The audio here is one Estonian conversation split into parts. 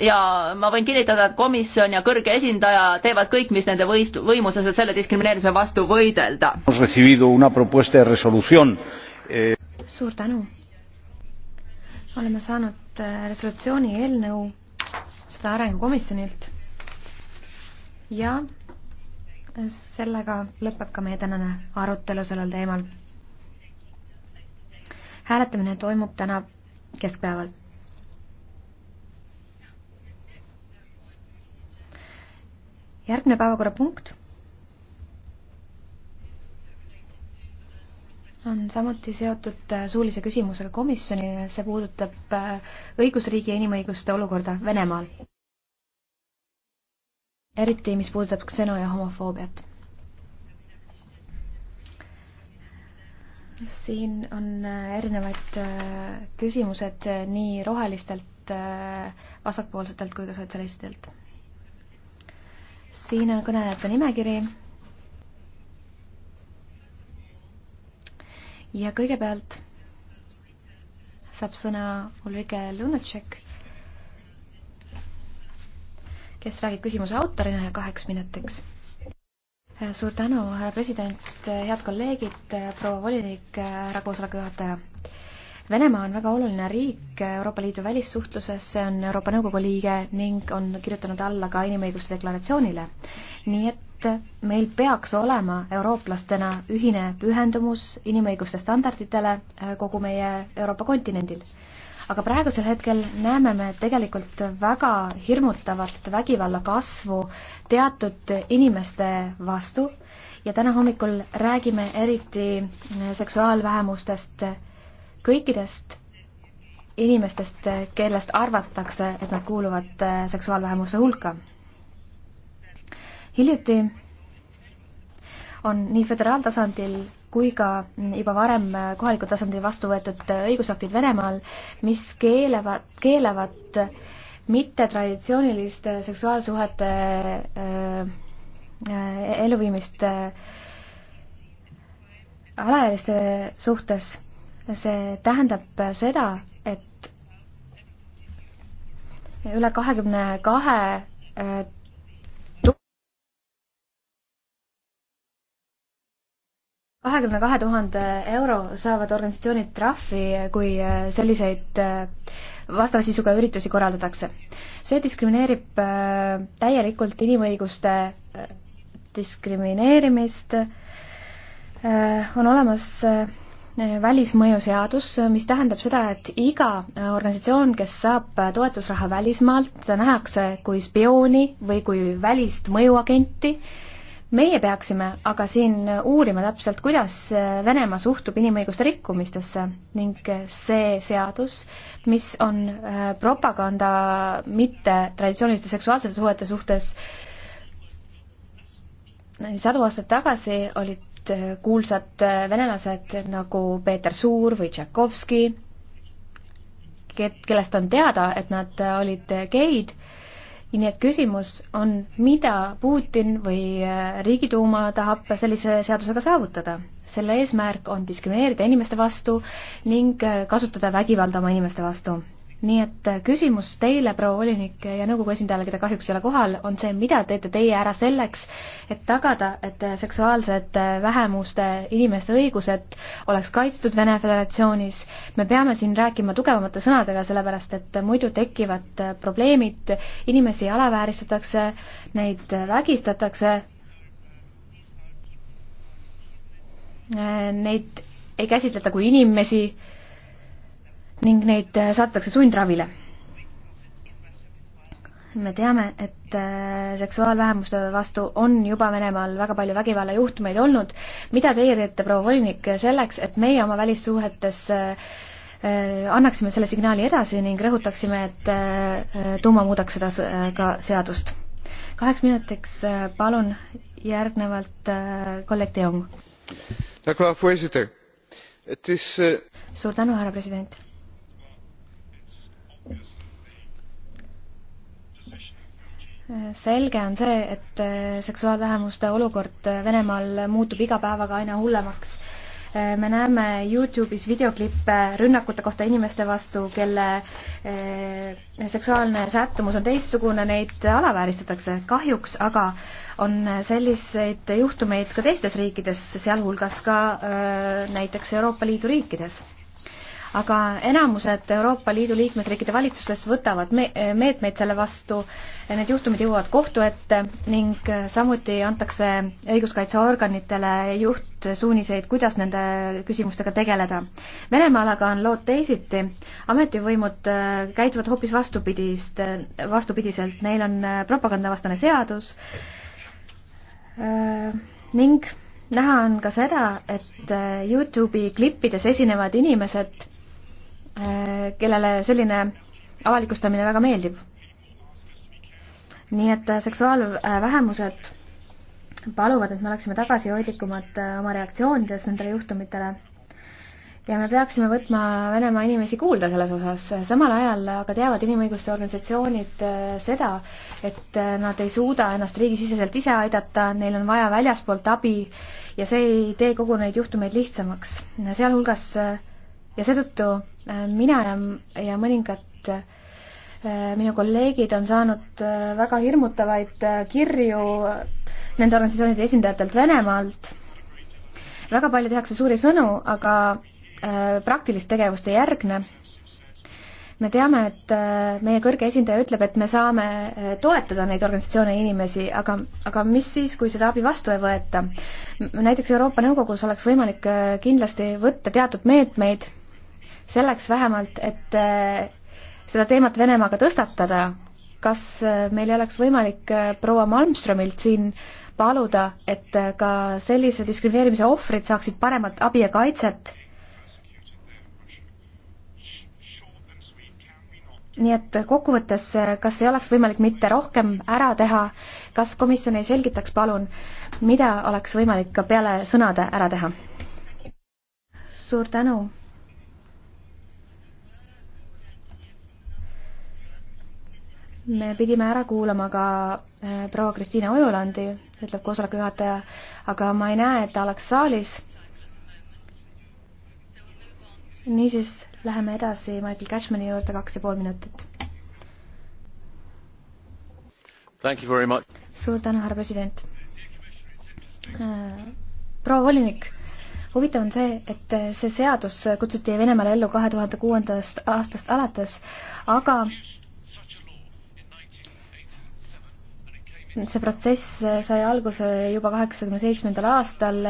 ja ma võin kinnitada, et komisjon ja kõrge esindaja teevad kõik, mis nende võist-, võimuses, et selle diskrimineerimise vastu võidelda. Eh, suur tänu. oleme saanud eh, resolutsiooni eelnõu seda arengukomisjonilt ja sellega lõpeb ka meie tänane arutelu sellel teemal. hääletamine toimub täna keskpäeval järgmine päevakorrapunkt on samuti seotud äh, suulise küsimusega komisjonile, see puudutab äh, õigusriigi ja inimõiguste olukorda Venemaal. eriti, mis puudutab kseno- ja homofoobiat. siin on äh, erinevad küsimused nii rohelistelt, vasakpoolsetelt kui ka sotsialistidelt siin on kõnelejate nimekiri. ja kõigepealt saab sõna Ulrike Lunatšek, kes räägib küsimuse autorina ja kaheks minutiks suur tänu, härra president, head kolleegid, proua volinik, härra koosoleku juhataja Venemaa on väga oluline riik Euroopa Liidu välissuhtluses, see on Euroopa Nõukogu liige ning on kirjutanud alla ka inimõiguste deklaratsioonile. nii et meil peaks olema eurooplastena ühine pühendumus inimõiguste standarditele äh, kogu meie Euroopa kontinendil aga praegusel hetkel näeme me tegelikult väga hirmutavat vägivalla kasvu teatud inimeste vastu ja täna hommikul räägime eriti äh, seksuaalvähemustest kõikidest inimestest, kellest arvatakse, et nad kuuluvad äh, seksuaalvähemuse hulka. hiljuti on nii föderaaltasandil kui ka juba varem kohalikul tasandil vastu võetud õigusaktid Venemaal, mis keelevad, keelavad mittetraditsiooniliste seksuaalsuhete äh, äh, elluviimist alaealiste suhtes see tähendab seda, et üle kahekümne kahe kahekümne kahe tuhande euro saavad organisatsioonid trahvi, kui selliseid vastava sisuga üritusi korraldatakse. see diskrimineerib äh, täielikult inimõiguste äh, diskrimineerimist, äh, on olemas välismõju seadus, mis tähendab seda, et iga organisatsioon, kes saab toetusraha välismaalt, nähakse kui spiooni või kui välist mõjuagenti. meie peaksime aga siin uurima täpselt, kuidas Venemaa suhtub inimõiguste rikkumistesse ning see seadus, mis on äh, propaganda mitte traditsiooniliste seksuaalsete suhete suhtes, sadu aastaid tagasi olid olid kuulsad venelased nagu Peeter Suur või Tšaikovski, kellest on teada, et nad olid geid, nii et küsimus on, mida Putin või äh, Riigiduuma tahab sellise seadusega saavutada. selle eesmärk on diskrimineerida inimeste vastu ning äh, kasutada vägivalda oma inimeste vastu nii et äh, küsimus teile, proua volinik ja nõukogu esindajale, keda kahjuks ei ole kohal, on see, mida teete teie ära selleks, et tagada, et äh, seksuaalsed äh, vähemuste inimeste õigused oleks kaitstud Vene Föderatsioonis. me peame siin rääkima tugevamate sõnadega, sellepärast et muidu tekivad probleemid, inimesi alavääristatakse, neid vägistatakse, neid ei käsitleta kui inimesi ning neid äh, saadetakse sundravile. me teame, et äh, seksuaalvähemuste vastu on juba Venemaal väga palju vägivallajuhtumeid olnud. mida teie teete, proua volinik, selleks, et meie oma välissuhetes äh, annaksime selle signaali edasi ning rõhutaksime, et tuuma muudaks seda ka seadust. kaheks minutiks palun järgnevalt kolleeg De Jong. Eh, suur tänu, härra president selge on see, et äh, seksuaalvähemuste olukord äh, Venemaal muutub iga päevaga aina hullemaks. Äh, me näeme Youtube'is videoklippe rünnakute kohta inimeste vastu, kelle seksuaalne sättumus on teistsugune, neid alavääristatakse. kahjuks aga on selliseid juhtumeid ka teistes riikides, sealhulgas ka näiteks Euroopa Liidu riikides aga enamused Euroopa Liidu liikmesriikide valitsustest võtavad me meetmeid selle vastu, need juhtumid jõuavad kohtu ette ning samuti antakse õiguskaitseorganitele juhtsuuniseid, kuidas nende küsimustega tegeleda. Venemaalaga on lood teisiti, ametivõimud äh, käituvad hoopis vastupidist, vastupidiselt, neil on äh, propagandavastane seadus äh, ning näha on ka seda, et Youtube'i klippides esinevad inimesed Äh, kellele selline avalikustamine väga meeldib. nii et äh, seksuaalvähemused paluvad, et me oleksime tagasihoidlikumad äh, oma reaktsioonides nendele juhtumitele ja me peaksime võtma Venemaa inimesi kuulda selles osas, samal ajal aga teavad inimõiguste organisatsioonid seda, et nad ei suuda ennast riigisiseselt ise aidata, neil on vaja väljaspoolt abi ja see ei tee kogu neid juhtumeid lihtsamaks, sealhulgas äh, ja seetõttu äh, mina ja, ja mõningad äh, minu kolleegid on saanud äh, väga hirmutavaid kirju nende organisatsioonide esindajatelt Venemaalt. väga palju tehakse suuri sõnu, aga praktilist tegevust ei järgne. me teame, et meie kõrge esindaja ütleb, et me saame toetada neid organisatsioone ja inimesi, aga, aga mis siis, kui seda abi vastu ei võeta? näiteks Euroopa Nõukogus oleks võimalik kindlasti võtta teatud meetmeid selleks vähemalt, et äh, seda teemat Venemaaga tõstatada, kas äh, meil ei oleks võimalik äh, proua Malmströmilt siin paluda, et ka sellise diskrimineerimise ohvrid saaksid paremat abi ja kaitset? nii et kokkuvõttes, kas ei oleks võimalik mitte rohkem ära teha, kas komisjon ei selgitaks palun, mida oleks võimalik ka peale sõnade ära teha? suur tänu me pidime ära kuulama ka äh, proua Kristiina Ojulandi, ütleb koosoleku juhataja, aga ma ei näe, et ta oleks saalis. niisiis, läheme edasi Michael Cashmani juurde kaks ja pool minutit. suur tänu, härra president. Äh, proua volinik huvitav on see, et see seadus kutsuti Venemaale ellu kahe tuhande kuuendast aastast alates, aga see protsess sai alguse juba kaheksakümne seitsmendal aastal,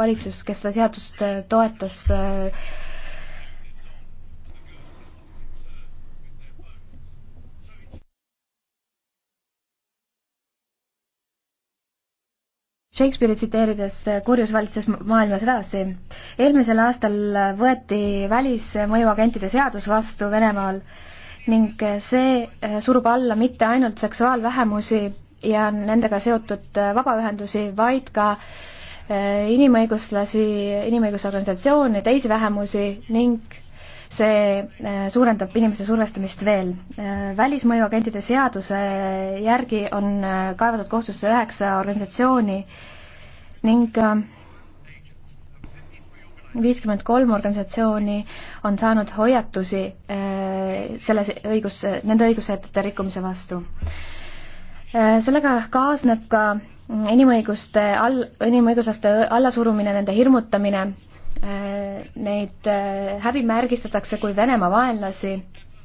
valitsus, kes seda seadust toetas, Shakespeare'i tsiteerides kurjus valitses maailmas edasi. eelmisel aastal võeti välismõjuagentide seadus vastu Venemaal ning see surub alla mitte ainult seksuaalvähemusi, ja nendega seotud äh, vabaühendusi, vaid ka äh, inimõiguslasi, inimõigusorganisatsioone, teisi vähemusi ning see äh, suurendab inimeste survestamist veel. välismõjuagentide seaduse järgi on kaevatud kohtusse üheksa organisatsiooni ning viiskümmend kolm organisatsiooni on saanud hoiatusi selles õigus, nende õigussätete rikkumise vastu. Äh, sellega kaasneb ka inimõiguste all, inimõiguslaste allasurumine, nende hirmutamine, äh, neid äh, häbimärgistatakse kui Venemaa vaenlasi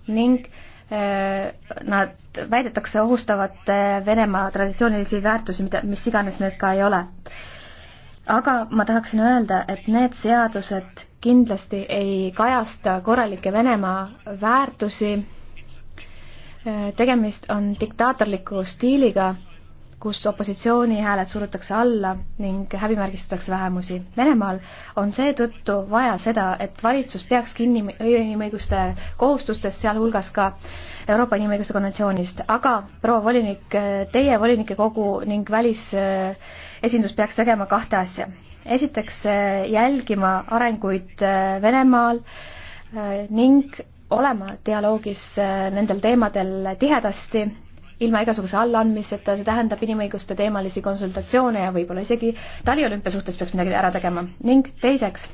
ning nad väidetakse ohustavat Venemaa traditsioonilisi väärtusi, mida, mis iganes need ka ei ole. aga ma tahaksin öelda, et need seadused kindlasti ei kajasta korralikke Venemaa väärtusi tegemist on diktaatorliku stiiliga, kus opositsiooni hääled surutakse alla ning häbimärgistatakse vähemusi. Venemaal on seetõttu vaja seda, et valitsus peaks kinni inimõiguste kohustustest, sealhulgas ka Euroopa Inimõiguste konventsioonist, aga proua volinik, teie volinike kogu ning välisesindus peaks tegema kahte asja. esiteks jälgima arenguid Venemaal ning olema dialoogis äh, nendel teemadel tihedasti, ilma igasuguse allaandmiseta, see tähendab inimõiguste teemalisi konsultatsioone ja võib-olla isegi taliolümpia suhtes peaks midagi ära tegema. ning teiseks,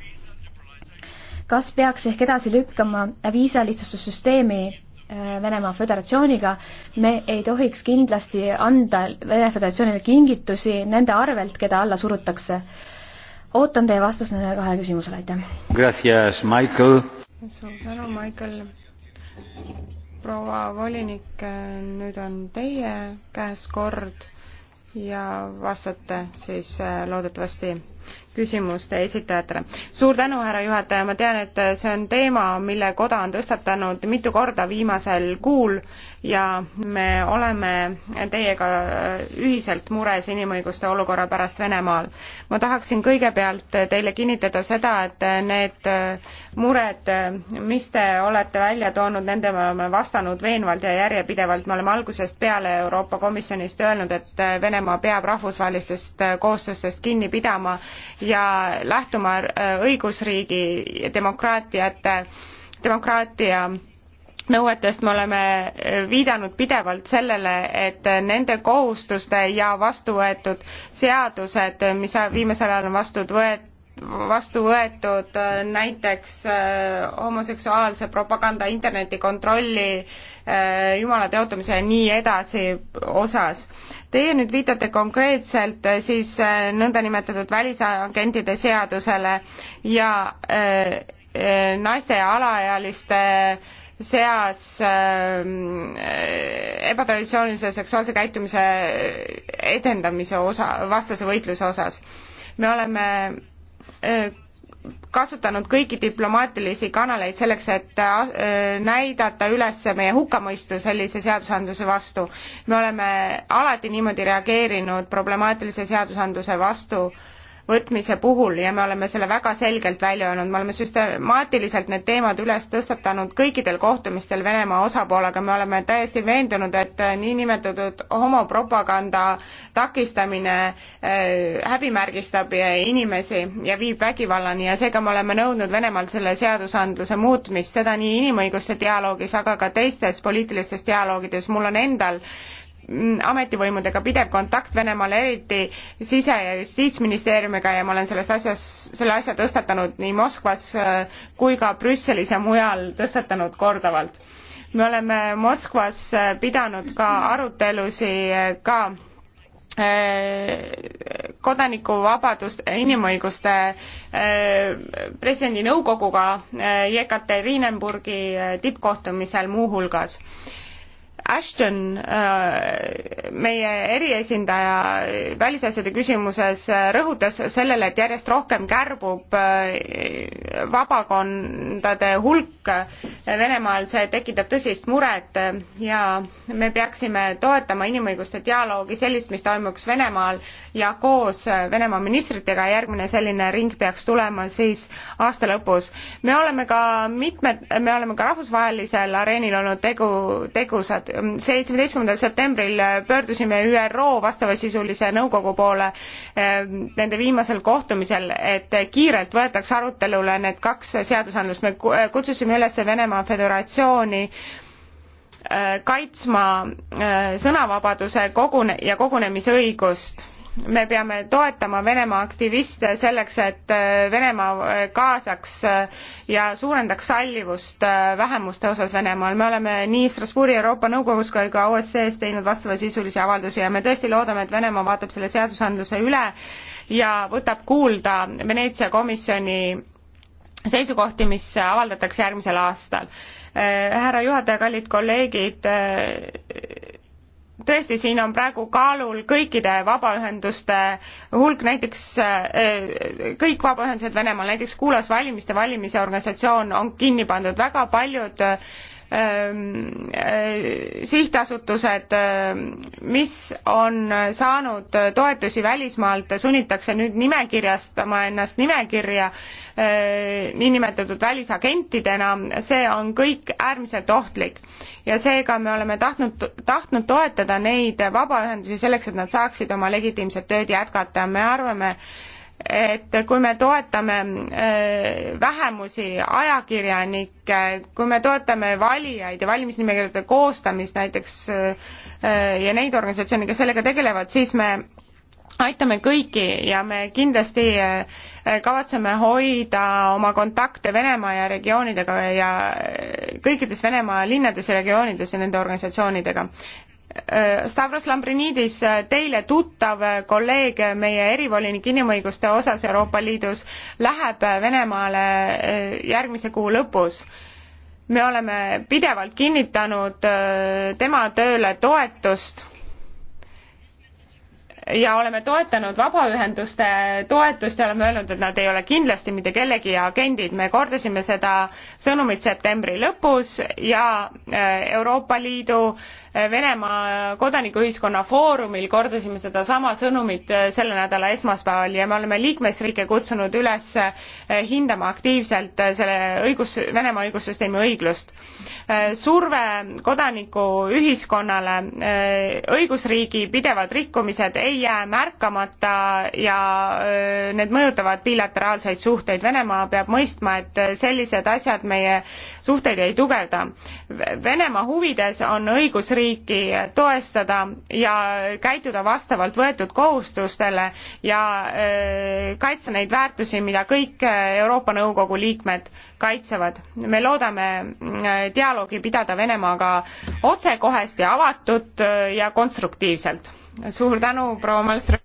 kas peaks ehk edasi lükkama viisalihtsustussüsteemi äh, Venemaa Föderatsiooniga, me ei tohiks kindlasti anda Vene Föderatsioonile kingitusi nende arvelt, keda alla surutakse. ootan teie vastust nendele kahele küsimusele, aitäh! suur tänu, Michael. proua volinik, nüüd on teie käes kord ja vastate siis eh, loodetavasti küsimuste esitajatele. suur tänu, härra juhataja, ma tean, et see on teema, mille koda on tõstatanud mitu korda viimasel kuul ja me oleme teiega ühiselt mures inimõiguste olukorra pärast Venemaal. ma tahaksin kõigepealt teile kinnitada seda, et need mured, mis te olete välja toonud, nendele me oleme vastanud veenvalt ja järjepidevalt, me oleme algusest peale Euroopa Komisjonist öelnud, et Venemaa peab rahvusvahelistest kohustustest kinni pidama ja lähtuma äh, õigusriigi demokraatiate, demokraatia nõuetest me oleme äh, viidanud pidevalt sellele, et nende kohustuste ja vastu võetud seadused, mis viimasel ajal on vastu võetud, vastu võetud äh, näiteks homoseksuaalse propaganda interneti kontrolli äh, Äh, jumala teotamise ja nii edasi osas. Teie nüüd viitate konkreetselt äh, siis äh, nõndanimetatud välisagentide seadusele ja naiste ja alaealiste seas ebatraditsioonilise seksuaalse käitumise edendamise osa, vastase võitluse osas. me oleme kasutanud kõiki diplomaatilisi kanaleid selleks, et äh, näidata üles meie hukkamõistu sellise seadusandluse vastu. me oleme alati niimoodi reageerinud problemaatilise seadusandluse vastu äh, võtmise puhul ja me oleme selle väga selgelt välja öelnud, me oleme süstemaatiliselt need teemad üles tõstatanud kõikidel kohtumistel Venemaa osapoolega, me oleme täiesti veendunud, et äh, niinimetatud homopropaganda takistamine äh, häbimärgistab inimesi ja viib vägivallani ja seega me oleme nõudnud Venemaalt selle seadusandluse muutmist, seda nii inimõiguste dialoogis, aga ka teistes poliitilistes dialoogides, mul on endal äh, ametivõimudega pidev kontakt Venemaal, eriti sise- ja justiitsministeeriumiga ja ma olen selles asjas, selle asja tõstatanud nii Moskvas äh, kui ka Brüsselis ja mujal tõstatanud korduvalt. me oleme Moskvas äh, pidanud ka arutelusi äh, ka kodanikuvabadust, inimõiguste presidendi nõukoguga Jekaterineburgi tippkohtumisel muuhulgas Ashton, äh, meie eriesindaja välisasjade küsimuses, äh, rõhutas sellele, et järjest rohkem kärbub äh, vabakondade hulk Venemaal, see tekitab tõsist muret ja me peaksime toetama inimõiguste dialoogi, sellist, mis toimuks Venemaal ja koos Venemaa ministritega, järgmine selline ring peaks tulema siis aasta lõpus. me oleme ka mitmed, me oleme ka rahvusvahelisel areenil olnud tegu, tegusad seitsmeteistkümnendal septembril pöördusime ÜRO vastavasisulise nõukogu poole eh, nende viimasel kohtumisel, et kiirelt võetaks arutelule need kaks seadusandlust, me eh, kutsusime üles Venemaa Föderatsiooni eh, kaitsma sõnavabaduse kogune- ja kogunemisõigust me peame toetama Venemaa aktiviste selleks, et äh, Venemaa äh, kaasaks äh, ja suurendaks sallivust vähemuste osas Venemaal. me oleme nii Strasbourgi Euroopa Nõukogus kui ka OSCE-s teinud vastavasisulisi avaldusi ja me tõesti loodame, et Venemaa vaatab selle seadusandluse üle ja võtab kuulda Veneetsia komisjoni seisukohti, mis avaldatakse järgmisel aastal. härra juhataja, kallid kolleegid, tõesti, siin on praegu kaalul kõikide vabaühenduste hulk, näiteks eh, kõik vabaühendused Venemaal, näiteks Kuulas valimiste valimise organisatsioon on kinni pandud, väga paljud Ähm, äh, sihtasutused, ähm, mis on saanud toetusi välismaalt, sunnitakse nüüd nimekirjastama ennast nimekirja äh, niinimetatud välisagentidena, see on kõik äärmiselt ohtlik. ja seega me oleme tahtnud, tahtnud toetada neid vabaühendusi selleks, et nad saaksid oma legitiimset tööd jätkata ja me arvame, et kui me toetame äh, vähemusi, ajakirjanikke, kui me toetame valijaid ja valimisnimekirjade koostamist näiteks äh, äh, ja neid organisatsioone, kes sellega tegelevad, siis me aitame kõiki ja me kindlasti kavatseme hoida oma kontakte Venemaa ja regioonidega ja kõikides Venemaa linnades ja regioonides ja nende organisatsioonidega. Stavros Lambrinidis, teile tuttav kolleeg meie erivolinik inimõiguste osas Euroopa Liidus, läheb Venemaale eh, järgmise kuu lõpus. me oleme pidevalt kinnitanud eh, tema tööle toetust ja oleme toetanud vabaühenduste toetust ja oleme öelnud, et nad ei ole kindlasti mitte kellegi agendid, me kordasime seda sõnumit septembri lõpus ja eh, Euroopa Liidu äh, Venemaa kodanikuühiskonna foorumil kordasime sedasama sõnumit äh, selle nädala esmaspäeval ja me oleme liikmesriike kutsunud üles äh, hindama aktiivselt äh, selle õigus, Venemaa õigussüsteemi õiglust. surve kodanikuühiskonnale, õigusriigi pidevad rikkumised ei jää märkamata ja need mõjutavad bilateraalseid suhteid. Venemaa peab mõistma, et sellised asjad meie suhteid ei tugevda. Venemaa huvides on õigusriik liikmesriiki toestada ja käituda vastavalt võetud kohustustele ja äh, kaitsta neid väärtusi, mida kõik äh, Euroopa Nõukogu liikmed kaitsevad. me loodame äh, dialoogi pidada Venemaaga otsekohest ja avatut ja konstruktiivselt. suur tänu, proua Malmström!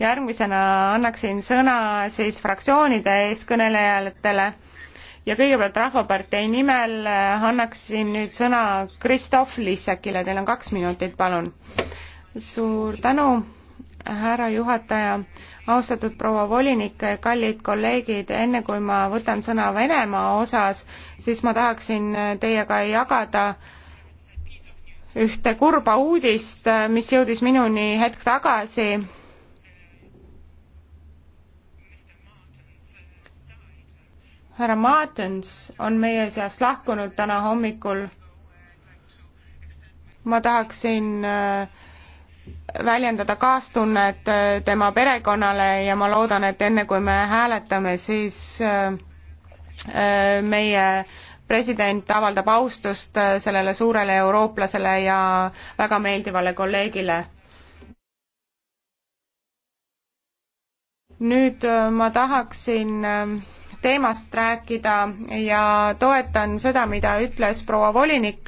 järgmisena annaksin sõna siis fraktsioonide eeskõnelejatele ja kõigepealt Rahvapartei nimel äh, annaksin nüüd sõna Kristof Lissekile, teil on kaks minutit, palun. suur tänu, härra juhataja, austatud proua volinik, kallid kolleegid, enne kui ma võtan sõna Venemaa osas, siis ma tahaksin äh, teiega jagada ühte kurba uudist, äh, mis jõudis minuni hetk tagasi härra Martens on meie seast lahkunud täna hommikul. ma tahaksin äh, väljendada kaastunnet äh, tema perekonnale ja ma loodan, et enne kui me hääletame, siis äh, meie president avaldab austust sellele suurele eurooplasele ja väga meeldivale kolleegile nüüd ma tahaksin teemast rääkida ja toetan seda, mida ütles proua volinik.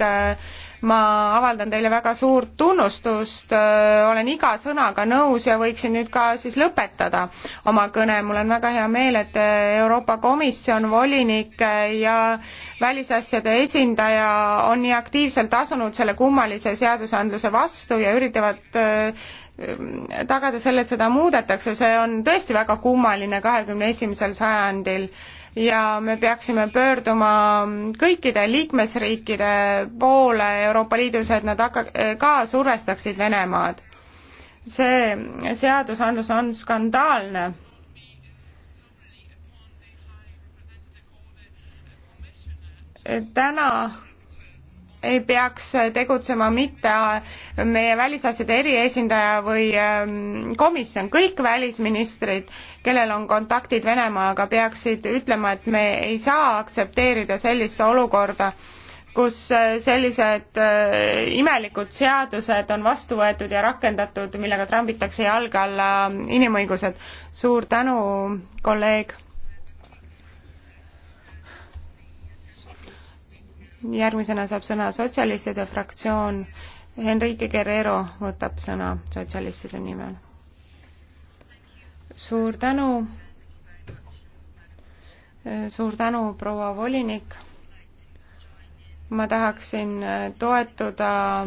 ma avaldan teile väga suurt tunnustust, olen iga sõnaga nõus ja võiksin nüüd ka siis lõpetada oma kõne. mul on väga hea meel, et Euroopa Komisjon, volinik ja välisasjade esindaja on nii aktiivselt asunud selle kummalise seadusandluse vastu ja üritavad Ehm, tagada selle, et seda muudetakse, see on tõesti väga kummaline kahekümne esimesel sajandil ja me peaksime pöörduma kõikide liikmesriikide poole Euroopa Liidus, et nad hakka-, ka survestaksid Venemaad. see seadusandlus on skandaalne. täna ei peaks tegutsema mitte meie välisasjade eriesindaja või ähm, komisjon, kõik välisministrid, kellel on kontaktid Venemaaga, peaksid ütlema, et me ei saa aktsepteerida sellist olukorda, kus äh, sellised äh, imelikud seadused on vastu võetud ja rakendatud, millega trambitakse jalge alla inimõigused. suur tänu, kolleeg järgmisena saab sõna sotsialistide fraktsioon. Henrique Guerrero võtab sõna sotsialistide nimel. suur tänu. suur tänu, proua volinik. ma tahaksin toetuda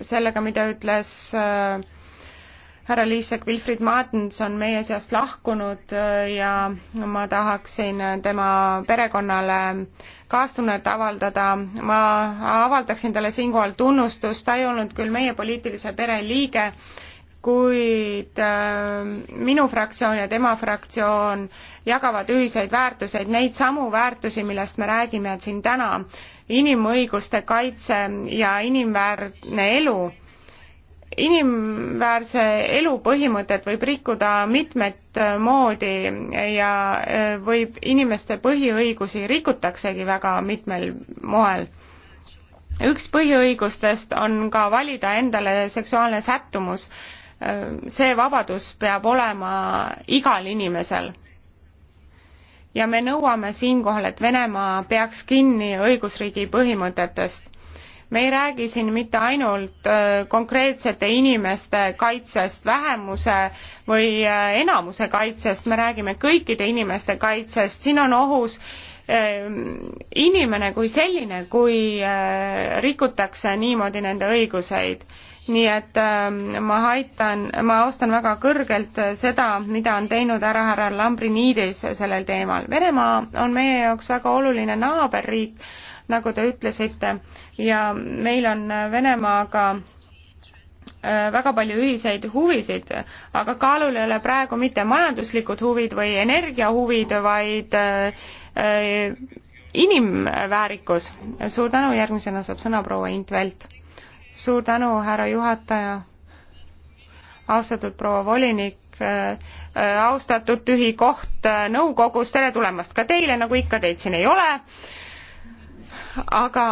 sellega, mida ütles äh, härra Liisek Wilfried Martens on meie seast lahkunud äh, ja ma tahaksin tema perekonnale kaastunnet avaldada. ma avaldaksin talle siinkohal tunnustust, ta ei olnud küll meie poliitilise pere liige, kuid äh, minu fraktsioon ja tema fraktsioon jagavad ühiseid väärtuseid, neid samu väärtusi, millest me räägime siin täna, inimõiguste kaitse ja inimväärne elu inimväärse elu põhimõtet võib rikkuda mitmet moodi ja e, võib, inimeste põhiõigusi rikutaksegi väga mitmel moel. üks põhiõigustest on ka valida endale seksuaalne sättumus. E, see vabadus peab olema igal inimesel ja me nõuame siinkohal, et Venemaa peaks kinni õigusriigi põhimõtetest me ei räägi siin mitte ainult äh, konkreetsete inimeste kaitsest vähemuse või äh, enamuse kaitsest, me räägime kõikide inimeste kaitsest, siin on ohus ähm, inimene kui selline, kui äh, rikutakse niimoodi nende õiguseid. nii et ähm, ma aitan, ma austan väga kõrgelt seda, mida on teinud ära härra Lambrinidis sellel teemal. Venemaa on meie jaoks väga oluline naaberriik nagu te ütlesite, ja meil on Venemaaga äh, väga palju ühiseid huvisid, aga kaalul ei ole praegu mitte majanduslikud huvid või energiahuvid, vaid äh, äh, inimväärikus. suur tänu, järgmisena saab sõna proua Int Vält. suur tänu, härra juhataja, austatud proua volinik, austatud tühi koht nõukogus, tere tulemast ka teile, nagu ikka teid siin ei ole aga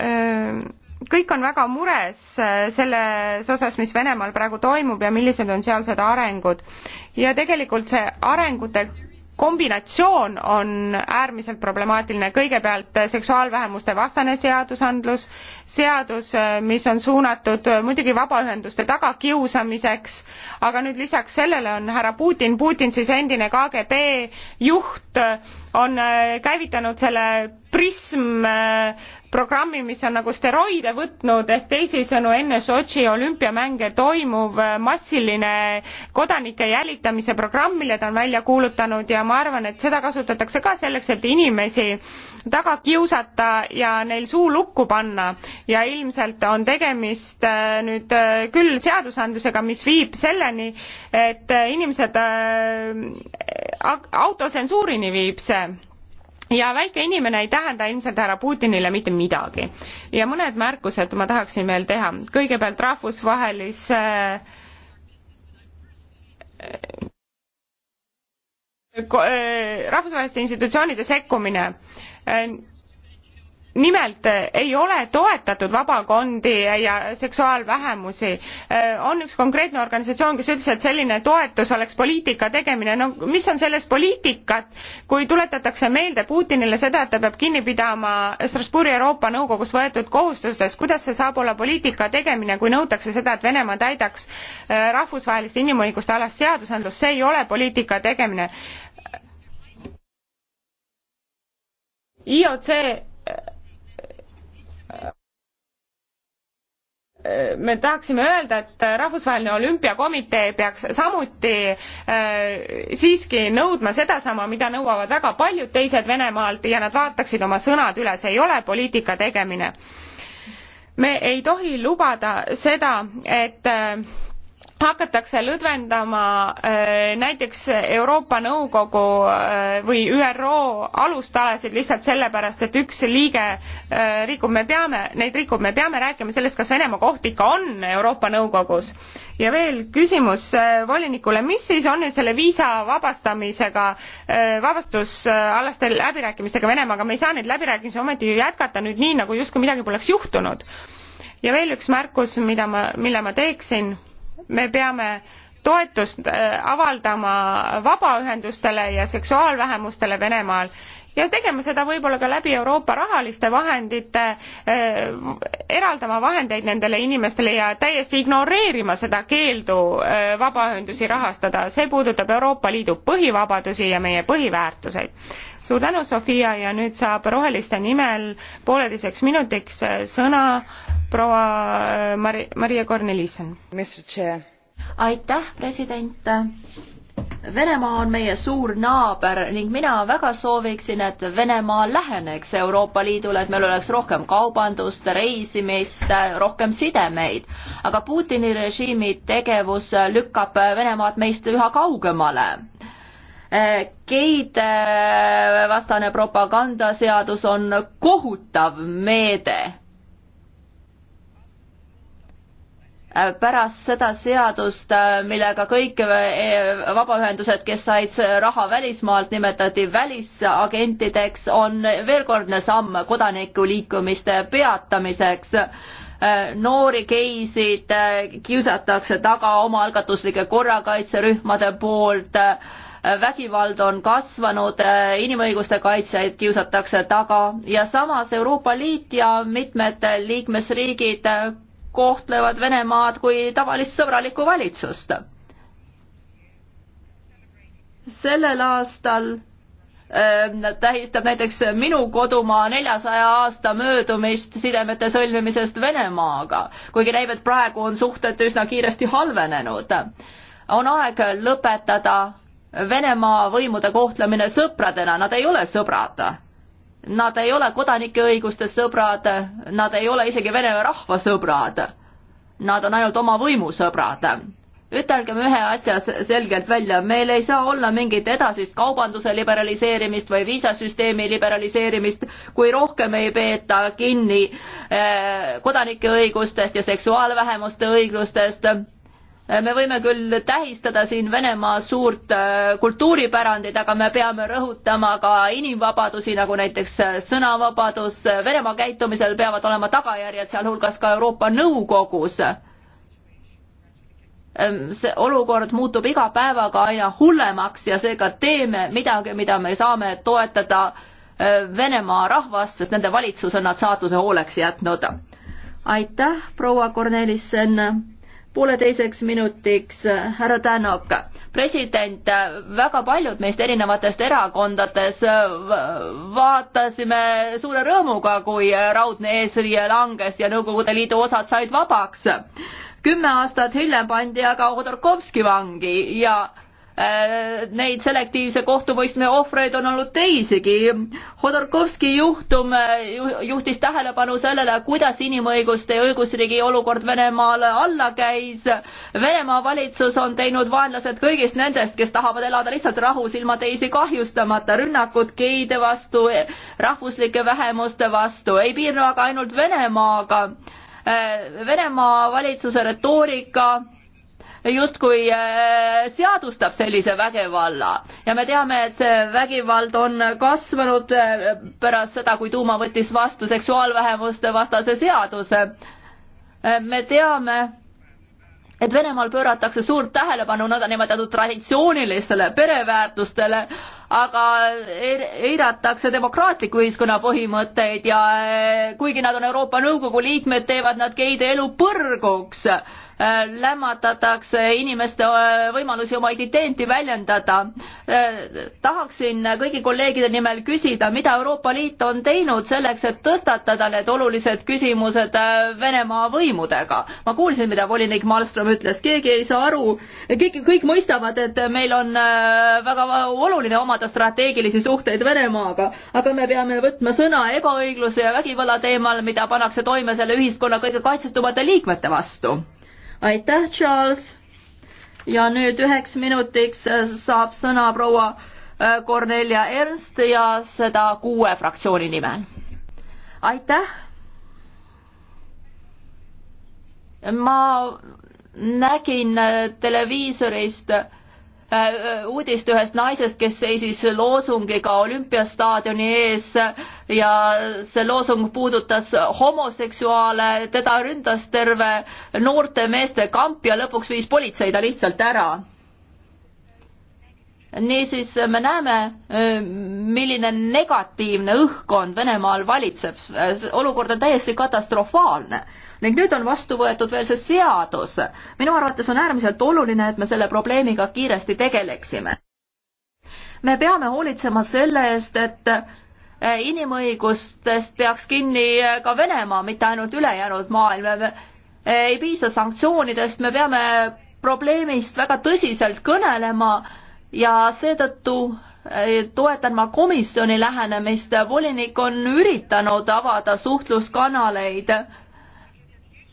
ähm, kõik on väga mures äh, selles osas, mis Venemaal praegu toimub ja millised on sealsed arengud. ja tegelikult see arengute kombinatsioon on äärmiselt problemaatiline, kõigepealt äh, seksuaalvähemuste vastane seadusandlus, seadus, äh, mis on suunatud muidugi vabaühenduste tagakiusamiseks, aga nüüd lisaks sellele on härra Putin, Putin siis endine KGB juht, on käivitanud selle prism äh, programmi, mis on nagu steroide võtnud, ehk teisisõnu enne Sotši olümpiamänge toimuv äh, massiline kodanike jälitamise programm, mille ta on välja kuulutanud ja ma arvan, et seda kasutatakse ka selleks, et inimesi taga kiusata ja neil suu lukku panna. ja ilmselt on tegemist äh, nüüd küll seadusandlusega, mis viib selleni, et inimesed autotsensuurini viib see ja väike inimene ei tähenda ilmselt härra Putinile mitte midagi. ja mõned märkused ma tahaksin veel teha. kõigepealt rahvusvahelise eh, eh, rahvusvaheliste institutsioonide sekkumine eh, nimelt eh, ei ole toetatud vabakondi ja seksuaalvähemusi. Eh, on üks konkreetne organisatsioon, kes ütles, et selline toetus oleks poliitika tegemine. no mis on selles poliitikat, kui tuletatakse meelde Putinile seda, et ta peab kinni pidama Strasbourgi Euroopa Nõukogus võetud kohustustest, kuidas see saab olla poliitika tegemine, kui nõutakse seda, et Venemaa täidaks eh, rahvusvahelist inimõiguste alast seadusandlust, see ei ole poliitika tegemine. IOC Äh, me tahaksime öelda, et äh, Rahvusvaheline Olümpiakomitee peaks samuti äh, siiski nõudma sedasama, mida nõuavad väga paljud teised Venemaalt ja nad vaataksid oma sõnad üle, see ei ole poliitika tegemine. me ei tohi lubada seda, et äh, hakatakse lõdvendama äh, näiteks Euroopa Nõukogu äh, või ÜRO alustalasid lihtsalt sellepärast, et üks liige äh, rikub, me peame, neid rikub, me peame rääkima sellest, kas Venemaa koht ikka on Euroopa Nõukogus. ja veel küsimus volinikule, mis siis on nüüd selle viisa vabastamisega, vabastusalaste läbirääkimistega Venemaaga, me ei saa neid läbirääkimisi ometi jätkata nüüd nii, nagu justkui midagi poleks juhtunud. ja veel üks märkus, mida ma, mille ma teeksin me peame toetust äh, avaldama vabaühendustele ja seksuaalvähemustele venemaal ja tegema seda võib-olla ka läbi Euroopa rahaliste vahendite äh,, eraldama vahendeid nendele inimestele ja täiesti ignoreerima seda keeldu äh, vabaühendusi rahastada, see puudutab Euroopa Liidu põhivabadusi ja meie põhiväärtuseid. suur tänu, Sofia, ja nüüd saab Roheliste nimel pooleteiseks minutiks eh, sõna proua Mari-, Maria Kornelissen. aitäh, president Venemaa on meie suur naaber ning mina väga sooviksin, et Venemaa läheneks Euroopa Liidule, et meil oleks rohkem kaubandust, reisimist, rohkem sidemeid. aga Putini režiimi tegevus lükkab Venemaad meist üha kaugemale geide vastane propagandaseadus on kohutav meede Äh, pärast seda seadust, äh, millega kõik äh, vabaühendused, kes said raha välismaalt, nimetati välisagentideks, on veelkordne samm kodanikuliikumiste peatamiseks. noori geisid kiusatakse taga omaalgatuslike korrakaitserühmade poolt, vägivald on kasvanud, inimõiguste kaitsjaid kiusatakse taga ja samas Euroopa Liit ja mitmed liikmesriigid kohtlevad Venemaad kui tavalist sõbralikku valitsust. sellel aastal ähm, tähistab näiteks minu kodumaa neljasaja aasta möödumist sidemete sõlmimisest Venemaaga, kuigi näib, et praegu on suhted üsna kiiresti halvenenud. on aeg lõpetada Venemaa võimude kohtlemine sõpradena, nad ei ole sõbrad Nad ei ole kodanike õiguste sõbrad, nad ei ole isegi Venemaa rahva sõbrad. Nad on ainult oma võimu sõbrad. ütelgem ühe asja selgelt välja, meil ei saa olla mingit edasist kaubanduse liberaliseerimist või viisasüsteemi liberaliseerimist, kui rohkem ei peeta kinni eh, kodanike õigustest ja seksuaalvähemuste õiglustest me võime küll tähistada siin Venemaa suurt äh, kultuuripärandit, aga me peame rõhutama ka inimvabadusi, nagu näiteks äh, sõnavabadus. Venemaa käitumisel peavad olema tagajärjed, sealhulgas ka Euroopa Nõukogus. Ehm, see olukord muutub iga päevaga aina hullemaks ja seega teeme midagi, mida me saame toetada äh, Venemaa rahvast, sest nende valitsus on nad saatuse hooleks jätnud. aitäh, proua Kornelissen pooleteiseks minutiks härra Tänok. president, väga paljud meist erinevatest erakondades vaatasime suure rõõmuga, kui raudne eesriie langes ja Nõukogude Liidu osad said vabaks. kümme aastat hiljem pandi aga Hodorkovski vangi ja Äh, neid selektiivse kohtumõistmise ohvreid on olnud teisigi. Hodorkovski juhtum äh, juhtis tähelepanu sellele, kuidas inimõiguste ja õigusriigi olukord Venemaal alla käis. Venemaa valitsus on teinud vaenlased kõigist nendest, kes tahavad elada lihtsalt rahus, ilma teisi kahjustamata. rünnakud geide vastu, rahvuslike vähemuste vastu ei piirnu aga ainult Venemaaga. Äh, Venemaa valitsuse retoorika justkui äh, seadustab sellise vägivalla ja me teame, et see vägivald on kasvanud äh, pärast seda, kui tuuma võttis vastu seksuaalvähemuste vastase seaduse. Äh, me teame, et Venemaal pööratakse suurt tähelepanu nõndanimetatud traditsioonilistele pereväärtustele, aga eiratakse demokraatliku ühiskonna põhimõtteid ja kuigi nad on Euroopa Nõukogu liikmed, teevad nad geide elu põrguks lämmatatakse inimeste äh, võimalusi oma identiteeti väljendada. Äh, tahaksin kõigi kolleegide nimel küsida, mida Euroopa Liit on teinud selleks, et tõstatada need olulised küsimused äh, Venemaa võimudega. ma kuulsin, mida volinik Malmström ütles, keegi ei saa aru, kõik, kõik mõistavad, et meil on väga oluline omada strateegilisi suhteid Venemaaga, aga me peame võtma sõna ebaõigluse ja vägivalla teemal, mida pannakse toime selle ühiskonna kõige kaitsetumate liikmete vastu aitäh, Charles. ja nüüd üheks minutiks äh, saab sõna proua Kornelia äh, Ernst ja seda kuue fraktsiooni nimel. aitäh. ma nägin äh, televiisorist äh, Äh, äh, uudist ühest naisest, kes seisis loosungiga olümpiastaadioni ees ja see loosung puudutas homoseksuaale, teda ründas terve noorte meeste kamp ja lõpuks viis politsei ta lihtsalt ära niisiis me näeme, äh, milline negatiivne õhkkond Venemaal valitseb, olukord on täiesti katastrofaalne ning nüüd on vastu võetud veel see seadus. minu arvates on äärmiselt oluline, et me selle probleemiga kiiresti tegeleksime. me peame hoolitsema selle eest, et eh, inimõigustest peaks kinni eh, ka Venemaa, mitte ainult ülejäänud maailm. Eh, ei piisa sanktsioonidest, me peame probleemist väga tõsiselt kõnelema ja seetõttu toetan ma komisjoni lähenemist, volinik on üritanud avada suhtluskanaleid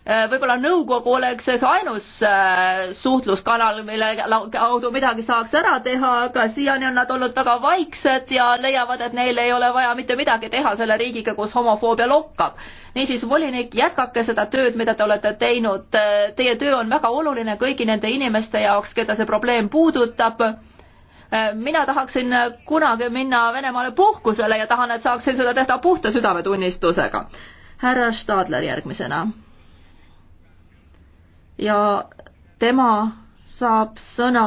Äh, võib-olla nõukogu oleks ainus äh, suhtluskanal, mille kaudu midagi saaks ära teha, aga siiani on nad olnud väga vaiksed ja leiavad, et neil ei ole vaja mitte midagi teha selle riigiga, kus homofoobia lokkab. niisiis, volinik, jätkake seda tööd, mida te olete teinud. Äh, teie töö on väga oluline kõigi nende inimeste jaoks, keda see probleem puudutab mina tahaksin kunagi minna Venemaale puhkusele ja tahan, et saaksin seda teha puhta südametunnistusega. härra Stadler järgmisena ja tema saab sõna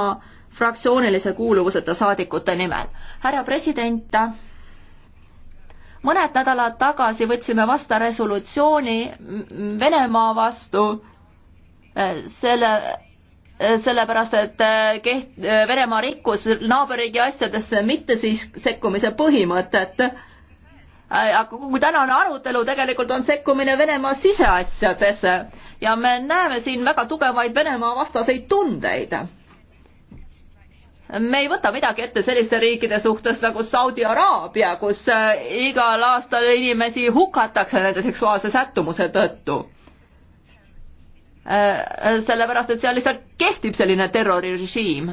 fraktsioonilise kuuluvuseta saadikute nimel. härra president, mõned nädalad tagasi võtsime vastu resolutsiooni Venemaa vastu eh, selle eh, sellepärast, et eh, keht-, Venemaa rikkus naaberriigi asjadesse mitte siis sekkumise põhimõtet. aga kogu tänane arutelu tegelikult on sekkumine Venemaa siseasjadesse ja me näeme siin väga tugevaid Venemaa vastaseid tundeid me ei võta midagi ette selliste riikide suhtes nagu Saudi Araabia, kus äh, igal aastal inimesi hukatakse nende seksuaalse sättumuse tõttu. Äh, äh, sellepärast, et seal lihtsalt kehtib selline terrorirežiim.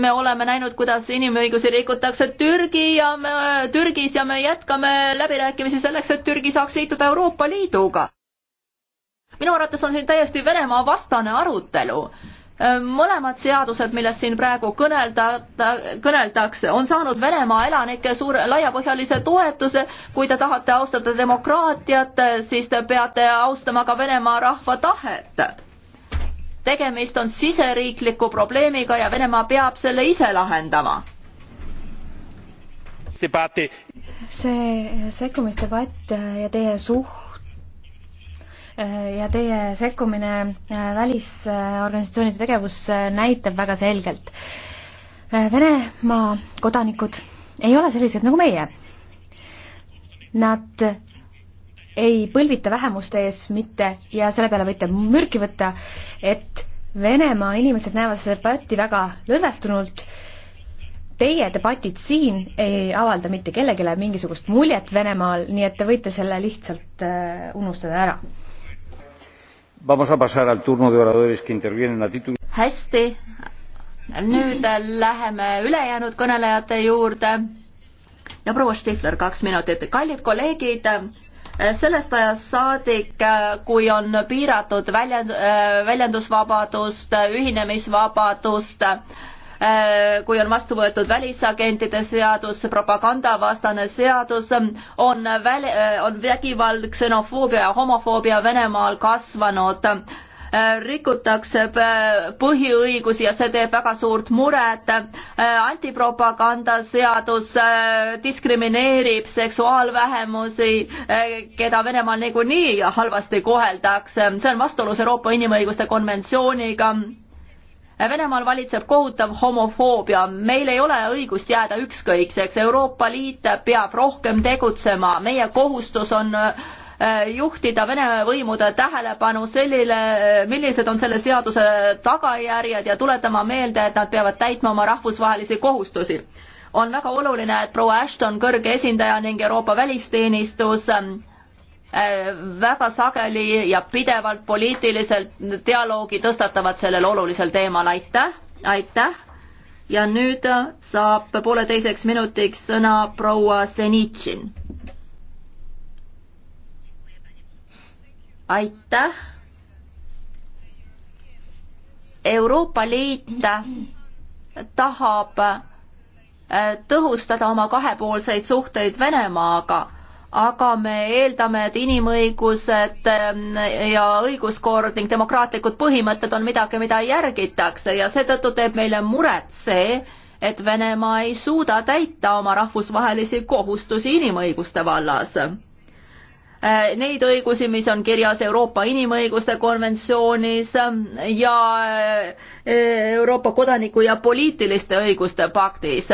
me oleme näinud, kuidas inimõigusi rikutakse Türgi ja me, Türgis ja me jätkame läbirääkimisi selleks, et Türgi saaks liituda Euroopa Liiduga minu arvates on siin täiesti Venemaa vastane arutelu äh, mõlemad seadused, millest siin praegu kõnelda, kõneldakse, on saanud Venemaa elanike suur, laiapõhjalise toetuse. kui te tahate austada demokraatiat, siis te peate austama ka Venemaa rahva tahet. tegemist on siseriikliku probleemiga ja Venemaa peab selle ise lahendama. see sekkumisdebatt ja teie suhtumine ja teie sekkumine äh, välisorganisatsioonide tegevusse äh, näitab väga selgelt. Äh, Venemaa kodanikud ei ole sellised nagu meie. Nad ei põlvita vähemuste ees mitte ja selle peale võite mürki võtta, et Venemaa inimesed näevad seda debatti väga lõdvestunult. Teie debatid siin ei avalda mitte kellelegi mingisugust muljet Venemaal, nii et te võite selle lihtsalt unustada ära hästi, nüüd läheme ülejäänud kõnelejate juurde ja proua Stifler, kaks minutit. kallid kolleegid, sellest ajast saadik, kui on piiratud väljend-, väljendusvabadust, ühinemisvabadust, Äh, kui on vastu võetud välisagentide seadus, propagandavastane seadus, on väli, äh, on vägivald, ksenofoobia ja homofoobia Venemaal kasvanud äh, rikutakse põhiõigusi ja see teeb väga suurt muret. antipropagandaseadus diskrimineerib seksuaalvähemusi, keda Venemaal niikuinii halvasti koheldakse, see on vastuolus Euroopa Inimõiguste konventsiooniga Venemaal valitseb kohutav homofoobia, meil ei ole õigust jääda ükskõikseks, Euroopa Liit peab rohkem tegutsema, meie kohustus on äh, juhtida Vene võimude tähelepanu sellile, millised on selle seaduse tagajärjed ja tuletama meelde, et nad peavad täitma oma rahvusvahelisi kohustusi. on väga oluline, et proua Ashton, kõrge esindaja ning Euroopa välisteenistus Äh, väga sageli ja pidevalt poliitiliselt dialoogi tõstatavad sellel olulisel teemal, aitäh, aitäh. ja nüüd äh, saab pooleteiseks minutiks sõna proua Senitšin. aitäh. Euroopa Liit tahab äh, tõhustada oma kahepoolseid suhteid Venemaaga aga me eeldame, et inimõigused ähm, ja õiguskord ning demokraatlikud põhimõtted on midagi, mida järgitakse ja seetõttu teeb meile muret see, et Venemaa ei suuda täita oma rahvusvahelisi kohustusi inimõiguste vallas. Äh, neid õigusi, mis on kirjas Euroopa inimõiguste konventsioonis ähm, ja äh, Euroopa kodaniku ja poliitiliste õiguste paktis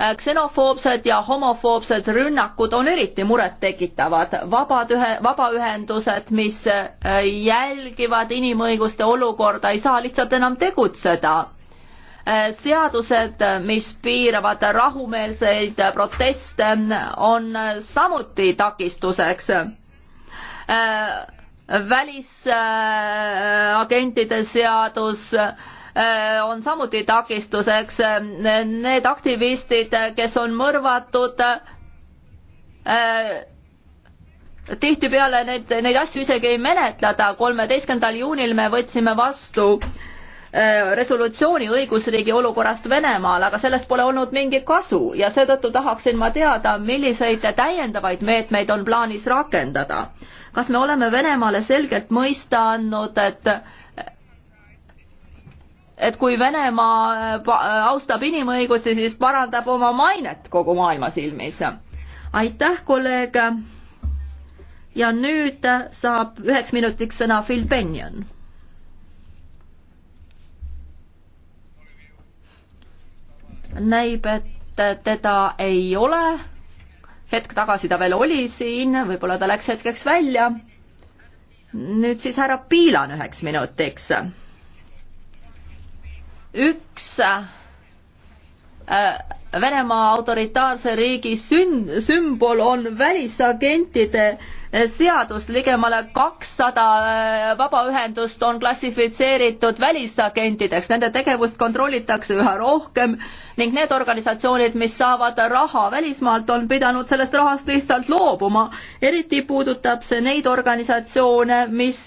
Äh, ksenofoobsed ja homofoobsed rünnakud on eriti murettekitavad. vabad ühe, vabaühendused, mis äh, jälgivad inimõiguste olukorda, ei saa lihtsalt enam tegutseda. Äh, seadused, mis piiravad rahumeelseid proteste, on samuti takistuseks välisagentide seadus äh, Äh, on samuti takistuseks. Äh, need aktivistid, kes on mõrvatud, äh, tihtipeale neid, neid asju isegi ei menetleda. kolmeteistkümnendal juunil me võtsime vastu resolutsiooni õigusriigi olukorrast Venemaal, aga sellest pole olnud mingit kasu ja seetõttu tahaksin ma teada, milliseid täiendavaid meetmeid on plaanis rakendada. kas me oleme Venemaale selgelt mõista andnud, et et kui Venemaa äh, äh, austab inimõigusi, siis parandab oma mainet kogu maailma silmis. aitäh, kolleeg. ja nüüd äh, saab üheks minutiks sõna Phil Benjon. näib, et teda ei ole. hetk tagasi ta veel oli siin, võib-olla ta läks hetkeks välja. nüüd siis härra Piilan üheks minutiks üks äh, Venemaa autoritaarse riigi sün-, sümbol on välisagentide äh, seadus, ligemale kakssada äh, vabaühendust on klassifitseeritud välisagentideks, nende tegevust kontrollitakse üha rohkem ning need organisatsioonid, mis saavad raha välismaalt, on pidanud sellest rahast lihtsalt loobuma. eriti puudutab see neid organisatsioone, mis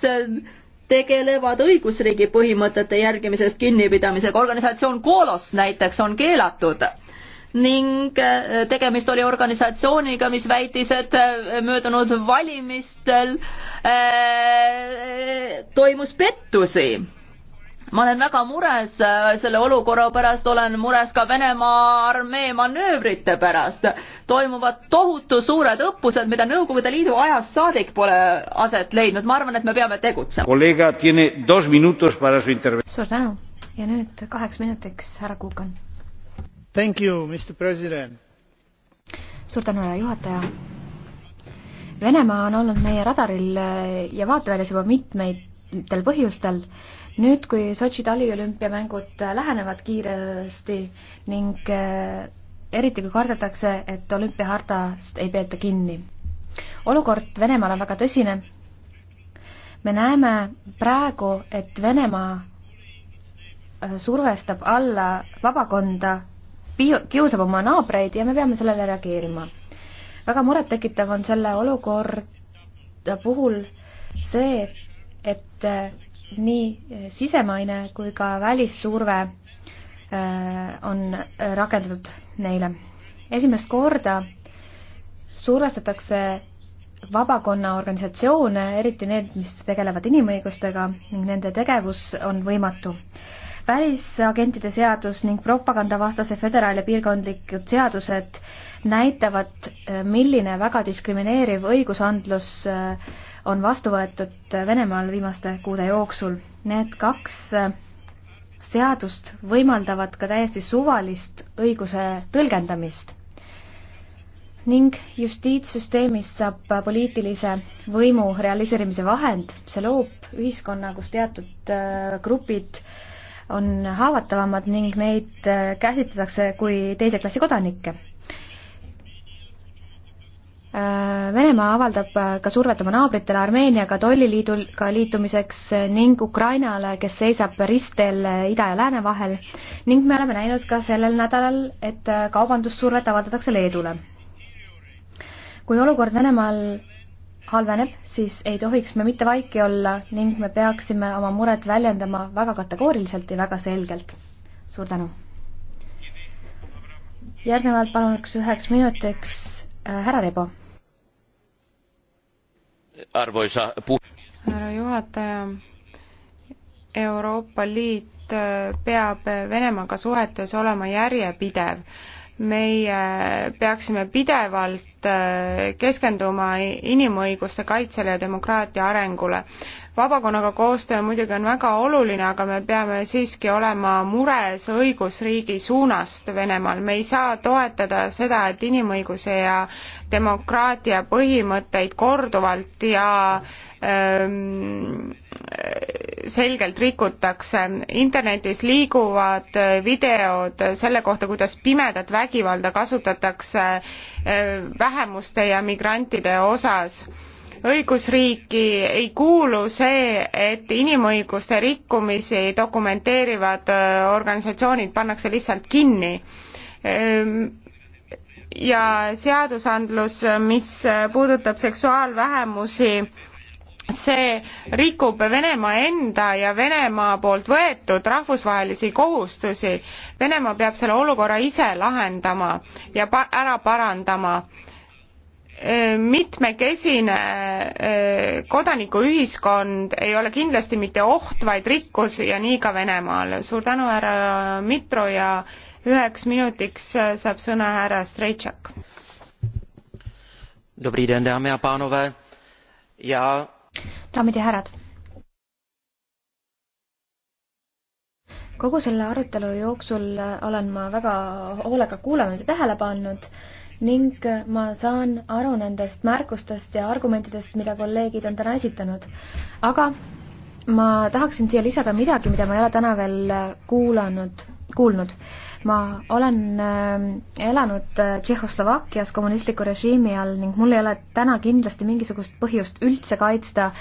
tegelevad õigusriigi põhimõtete järgimisest kinnipidamisega, organisatsioon Kolos näiteks on keelatud ning äh, tegemist oli organisatsiooniga, mis väitis, et äh, möödunud valimistel äh, äh toimus pettusi ma olen väga mures äh, selle olukorra pärast, olen mures ka Venemaa armee manöövrite pärast. toimuvad tohutu suured õppused, mida Nõukogude Liidu ajast saadik pole aset leidnud, ma arvan, et me peame tegutsema. suur tänu ja nüüd kaheks minutiks härra Kukan. suur tänu, härra juhataja. Venemaa on olnud meie radaril ja vaateväljas juba mitmetel põhjustel nüüd, kui Sotši taliolümpiamängud lähenevad kiiresti ning eh, eriti kui kardetakse, et olümpiahartast ei peeta kinni. olukord Venemaal on väga tõsine. me näeme praegu, et Venemaa eh, survestab alla vabakonda, kiusab oma naabreid ja me peame sellele reageerima. väga murettekitav on selle olukorda puhul see, et eh, nii eh, sisemaine kui ka välissurve eh, on eh, rakendatud neile. esimest korda survestatakse vabakonna organisatsioone, eriti need, mis tegelevad inimõigustega ning nende tegevus on võimatu. välisagentide seadus ning propagandavastase föderaal- ja piirkondlikud seadused näitavad, milline väga diskrimineeriv õigusandlus äh, on vastu võetud Venemaal viimaste kuude jooksul. Need kaks äh, seadust võimaldavad ka täiesti suvalist õiguse tõlgendamist ning justiitssüsteemis saab poliitilise võimu realiseerimise vahend, see loob ühiskonna, kus teatud äh, grupid on haavatavamad ning neid äh, käsitletakse kui teise klassi kodanikke Äh, Venemaa avaldab äh, ka survet oma naabritele Armeeniaga tolliliiduga liitumiseks äh, ning Ukrainale, kes seisab ristteel ida ja lääne vahel ning me oleme näinud ka sellel nädalal, et kaubandussurvet avaldatakse Leedule. kui olukord Venemaal halveneb, siis ei tohiks me mitte vaiki olla ning me peaksime oma muret väljendama väga kategooriliselt ja väga selgelt. suur tänu! järgnevalt palun üks üheks minutiks härra Rebo. härra juhataja, Euroopa Liit äh, peab Venemaaga suhetes olema järjepidev meie peaksime pidevalt äh, keskenduma inimõiguste kaitsele ja demokraatia arengule vabakonnaga koostöö muidugi on väga oluline, aga me peame siiski olema mures õigusriigi suunast Venemaal. me ei saa toetada seda, et inimõiguse ja demokraatia põhimõtteid korduvalt ja ähm, selgelt rikutakse. internetis liiguvad videod selle kohta, kuidas pimedat vägivalda kasutatakse äh, vähemuste ja migrantide osas õigusriiki ei kuulu see, et inimõiguste rikkumisi dokumenteerivad äh, organisatsioonid pannakse lihtsalt kinni. Ehm, ja seadusandlus, mis äh, puudutab seksuaalvähemusi, see rikub Venemaa enda ja Venemaa poolt võetud rahvusvahelisi kohustusi. Venemaa peab selle olukorra ise lahendama ja pa ära parandama mitmekesine eh, kodanikuühiskond ei ole kindlasti mitte oht, vaid rikkus ja nii ka Venemaal. suur tänu, härra Mitro ja üheks minutiks eh, saab sõna härra Strejtšak. Dobrý den, dámy a pánové. Já... Dámy ja härrad. kogu selle arutelu jooksul olen ma väga hoolega kuulanud ja tähele pannud ning ma saan aru nendest märkustest ja argumentidest, mida kolleegid on täna esitanud. aga ma tahaksin siia lisada midagi, mida ma ei ole täna veel kuulanud, kuulnud. ma olen ähm, elanud Tšehhoslovakkias kommunistliku režiimi all ning mul ei ole täna kindlasti mingisugust põhjust üldse kaitsta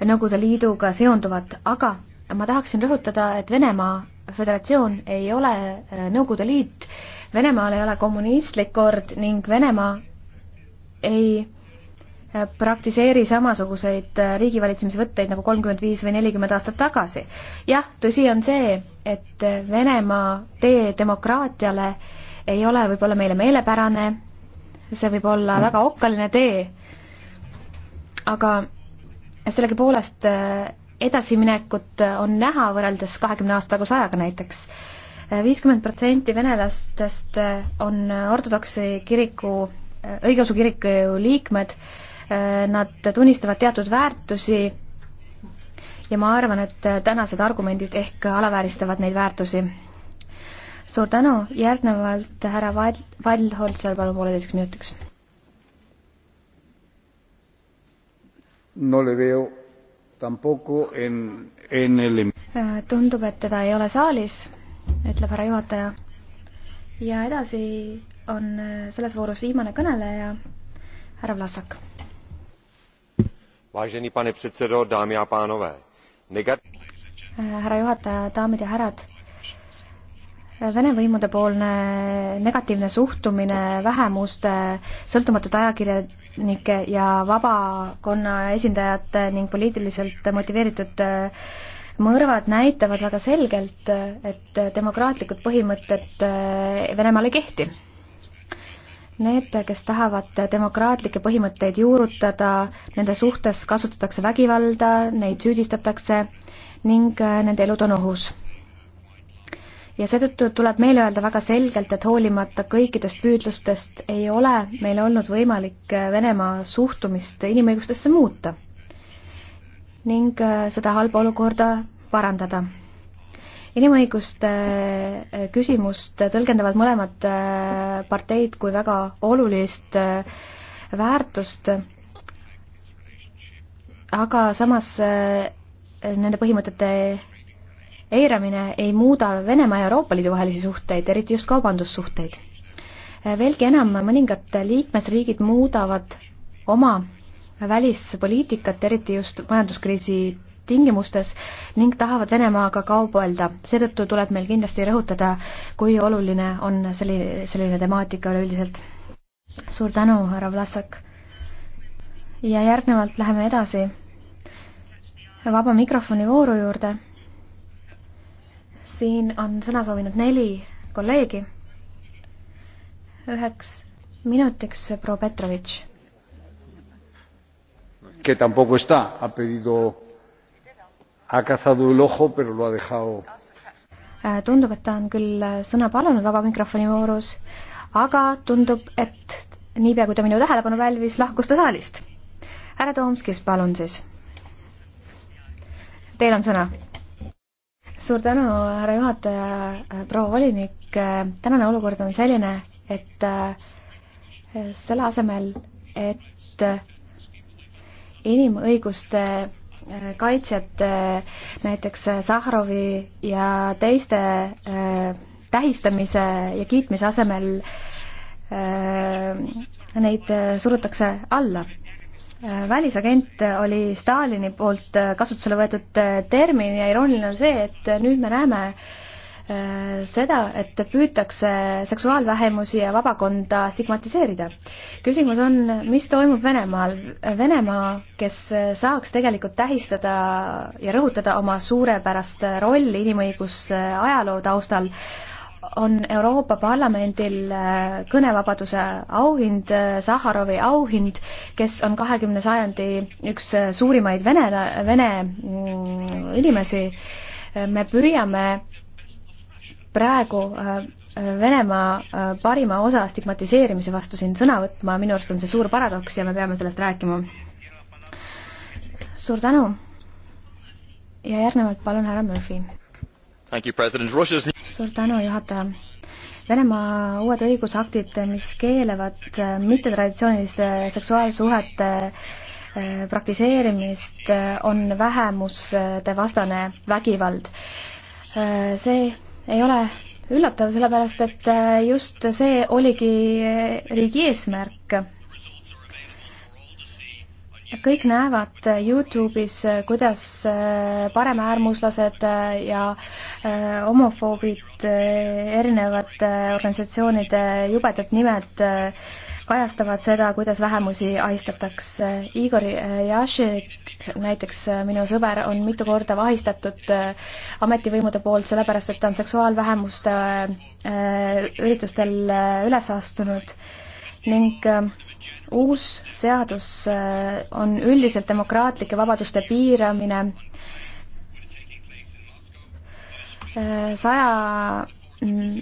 Nõukogude Liiduga seonduvat, aga ma tahaksin rõhutada, et Venemaa Föderatsioon ei ole äh, Nõukogude Liit Venemaal ei ole kommunistlik kord ning Venemaa ei äh, praktiseeri samasuguseid äh, riigivalitsemisvõtteid nagu kolmkümmend viis või nelikümmend aastat tagasi. jah, tõsi on see, et äh, Venemaa tee demokraatiale ei ole võib-olla meile meelepärane, see võib olla mm. väga okkaline tee, aga sellegipoolest edasiminekut on näha võrreldes kahekümne aasta taguse ajaga näiteks viiskümmend protsenti venelastest on ortodoksi kiriku, õigeusu kiriku liikmed, nad tunnistavad teatud väärtusi ja ma arvan, et tänased argumendid ehk alavääristavad neid väärtusi. suur tänu, järgnevalt härra Val-, Valholzer, palun pooleteiseks minutiks. no le veo tampoco en, en el tundub, et teda ei ole saalis ütleb härra juhataja. ja edasi on äh, selles voorus viimane kõneleja, härra Vlasak. Vážený pane předsedo, dámy a pánové. Negat... Äh, härra juhataja, daamid ja härrad. Vene võimude poolne negatiivne suhtumine vähemuste, sõltumatud ajakirjanike ja vabakonna esindajate ning poliitiliselt motiveeritud äh, mõrvad näitavad väga selgelt, et demokraatlikud põhimõtted eh, Venemaal ei kehti. Need, kes tahavad demokraatlikke põhimõtteid juurutada, nende suhtes kasutatakse vägivalda, neid süüdistatakse ning eh, nende elud on ohus ja seetõttu tuleb meile öelda väga selgelt, et hoolimata kõikidest püüdlustest ei ole meil olnud võimalik eh, Venemaa suhtumist inimõigustesse muuta ning äh, seda halba olukorda parandada. inimõiguste äh, küsimust tõlgendavad mõlemad äh, parteid kui väga olulist väärtust, aga samas nende põhimõtete eiramine ei muuda Venemaa ja Euroopa Liidu vahelisi suhteid, eriti just kaubandussuhteid. veelgi enam, mõningad liikmesriigid muudavad oma välispoliitikat, eriti just majanduskriisi tingimustes ning tahavad Venemaaga kaubelda. seetõttu tuleb meil kindlasti rõhutada, kui oluline on selline, selline temaatika üleüldiselt. suur tänu, härra Vlasak. ja järgnevalt läheme edasi vaba mikrofoni vooru juurde. siin on sõna soovinud neli kolleegi. üheks minutiks proua Petrovitš que tampoco está. Ha pedido, ha cazado el ojo, pero lo ha dejado. Äh, tundub, et ta on küll äh, sõna palunud vaba mikrofoni voorus, aga tundub, et niipea, kui ta minu tähelepanu pälvis, lahkus ta saalist. härra Toomskis, palun siis. Teil on sõna suur tänu, härra juhataja, äh, proua volinik. tänane olukord on selline, et selle asemel, et inimõiguste äh, kaitsjate, näiteks äh, Sahhrovi ja teiste äh, tähistamise ja kiitmise asemel neid surutakse alla. välisagent oli Stalini poolt kasutusele võetud termin ja irooniline on see, et nüüd me näeme, Äh, seda, et püütakse seksuaalvähemusi ja vabakonda stigmatiseerida. küsimus on, mis toimub Venemaal? Venemaa, kes saaks tegelikult tähistada ja rõhutada oma suurepärast rolli inimõiguse ajaloo taustal, on Euroopa Parlamendil äh, kõnevabaduse auhind, äh, Sahharovi auhind, kes on kahekümne sajandi üks suurimaid vene, vene mm, inimesi. me püüame praegu äh, äh, Venemaa äh, parima osa stigmatiseerimise vastu siin sõna võtma, minu arust on see suur paradoks ja me peame sellest rääkima. suur tänu ja järgnevalt palun härra Murphy. suur tänu, juhataja. Venemaa uued õigusaktid, mis keelevad mittetraditsiooniliste seksuaalsuhete praktiseerimist, on vähemuste vastane vägivald. see ei ole üllatav, sellepärast et äh, just see oligi äh, riigi eesmärk. kõik näevad äh, Youtube'is, kuidas paremäärmuslased ja homofoobid, erinevate organisatsioonide jubedad nimed kajastavad seda, kuidas vähemusi ahistatakse. Igor Jašik, näiteks minu sõber, on mitu korda vahistatud äh, ametivõimude poolt, sellepärast et ta on seksuaalvähemuste äh, üritustel äh, üles astunud ning uus seadus on üldiselt demokraatlike vabaduste piiramine saja mm,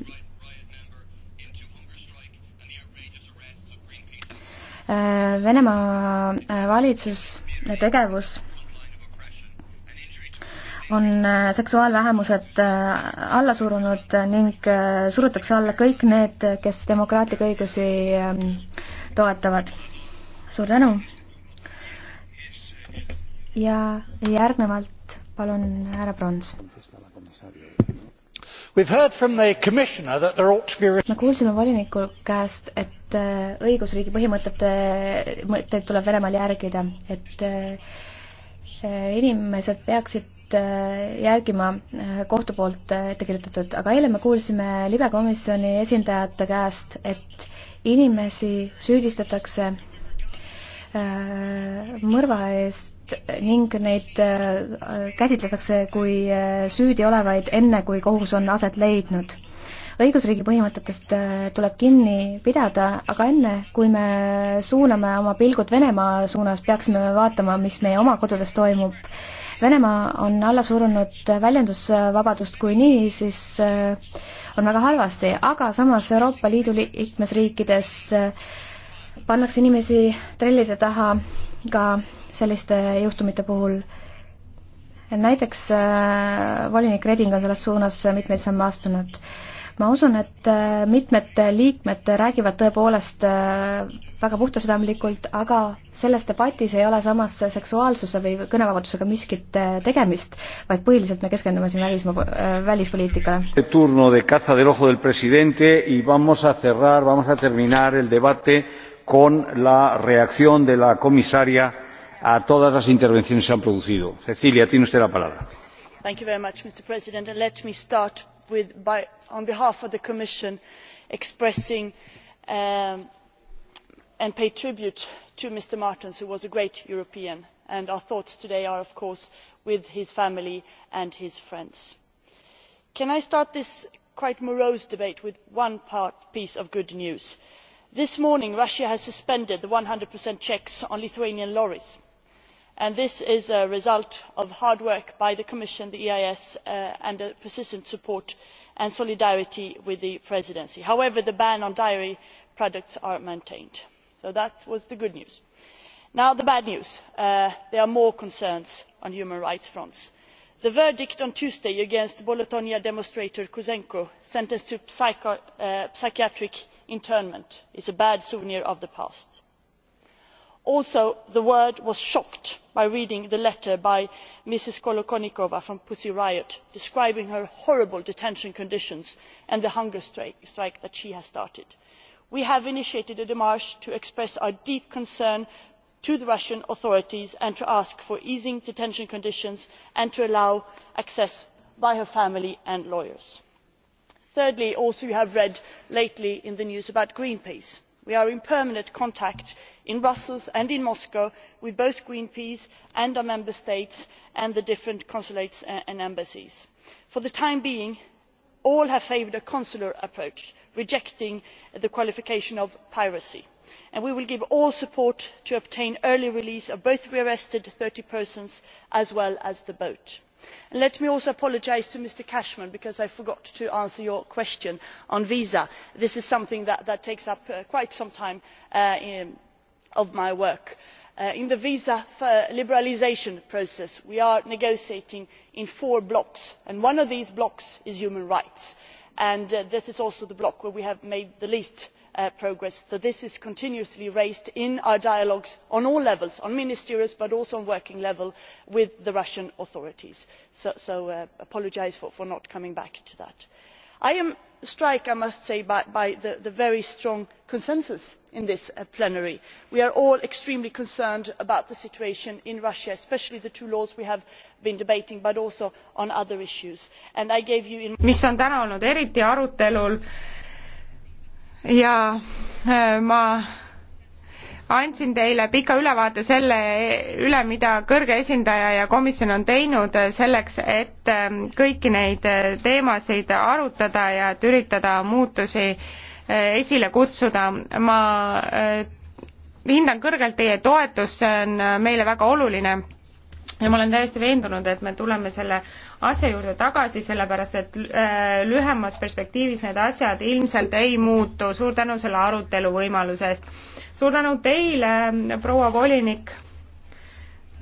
Äh, Venemaa äh, valitsus, äh, tegevus on seksuaalvähemused alla surunud ning surutakse alla kõik need, kes demokraatlikke õigusi ähm, toetavad. suur tänu. ja järgnevalt palun härra Prons. me kuulsime voliniku käest, et et äh, õigusriigi põhimõtete, mõtteid tuleb Venemaal järgida, et äh, inimesed peaksid äh, järgima kohtu poolt ette kirjutatud, aga eile me kuulsime libekomisjoni esindajate käest, et inimesi süüdistatakse mõrva eest ning neid käsitletakse kui süüdi olevaid enne, kui kohus on aset leidnud õigusriigi põhimõtetest äh, tuleb kinni pidada, aga enne, kui me suuname oma pilgud Venemaa suunas, peaksime me vaatama, mis meie oma kodudes toimub. Venemaa on alla surunud väljendusvabadust kui nii, siis äh, on väga halvasti, aga samas Euroopa Liidu liikmesriikides äh, pannakse inimesi trellide taha ka selliste juhtumite puhul näiteks äh, volinik Reding on selles suunas mitmeid samme astunud ma usun, et äh, mitmed liikmed räägivad tõepoolest äh, väga puhtasüdamlikult, aga selles debatis ei ole samas seksuaalsuse või kõnevabadusega miskit äh, tegemist, vaid põhiliselt me keskendume siin välismaa, välispoliitikale. turno de caza del ojo del presidente y vamos a cerrar, vamos a terminar el debate con la reacción de la comisaria a todas las intervenciones que se han producido. Cecilia, tiene usted la palabra. Thank you very much, Mr. President, and let me start on behalf of the commission expressing um, and paying tribute to mr martens who was a great european and our thoughts today are of course with his family and his friends. can i start this quite morose debate with one piece of good news? this morning russia has suspended the one hundred checks on lithuanian lorries this is a result of hard work by the commission the eeas uh, and the persistent support and solidarity with the presidency. however the ban on dairy products is maintained so that was the good news. now the bad news uh, there are more concerns on the human rights front. the verdict on tuesday against bolotnia demonstrator kuzenko sentenced to uh, psychiatric internment is a bad souvenir of the past also the world was shocked by reading the letter by ms kolokonnikova from pussy riot describing her horrible detention conditions and the hunger strike that she has started. we have initiated a dmarche to express our deep concern to the russian authorities and to ask for easing detention conditions and to allow access by her family and lawyers. thirdly you have also read lately in the news about greenpeace we are in permanent contact in brussels and in moscow with both greenpeace and our member states and the different consulates and embassies. for the time being all have favoured a consular approach rejecting the qualification of piracy and we will give all support to obtain early release of both the arrested thirty persons as well as the boat let me also apologise to mr cashman because i forgot to answer your question on visas. this is something that takes up uh, quite some time uh, of my work. Uh, in the visa liberalisation process we are negotiating in four blocks and one of these blocks is human rights and this is also the block where we have made the least Uh, progress so this is continuously raised in our dialogues at all levels at ministerial but also at working level with the russian authorities so i uh, apologise for not coming back to that. i am struck i must say by the very strong consensus in this uh, plenary. we are all extremely concerned about the situation in russia especially the two laws we have been debating but also on other issues. mis on täna olnud eriti arutelul ja äh, ma andsin teile pika ülevaate selle üle, mida kõrge esindaja ja komisjon on teinud selleks, et äh, kõiki neid äh, teemasid arutada ja et üritada muutusi esile kutsuda. ma hindan kõrgelt teie toetust, see on meile väga oluline ja ma olen täiesti veendunud, et me tuleme selle asja juurde tagasi, sellepärast et äh, lühemas perspektiivis need asjad ilmselt ei muutu. suur tänu selle arutelu võimaluse eest. suur tänu teile, proua volinik.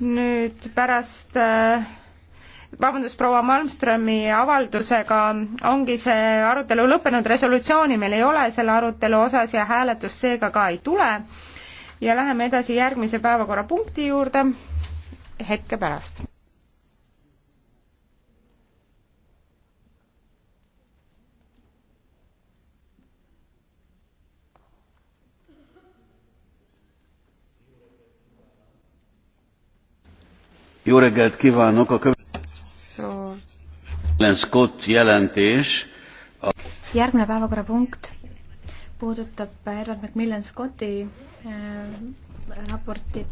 nüüd pärast äh, vabandust, proua Malmströmi avaldusega ongi see arutelu lõppenud, resolutsiooni meil ei ole selle arutelu osas ja hääletust seega ka ei tule. ja läheme edasi järgmise päevakorrapunkti juurde hetke pärast. Jó reggelt kívánok! A következő Scott jelentés. A... Järgmine päevakorrapunkt puudutab Edward McMillan Scotti äh, raportit,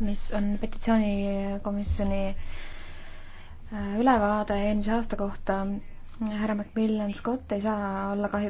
mis on petitsioonikomisjoni äh, ülevaade eelmise aasta kohta. härra Macmillan Scott ei saa olla kahjuks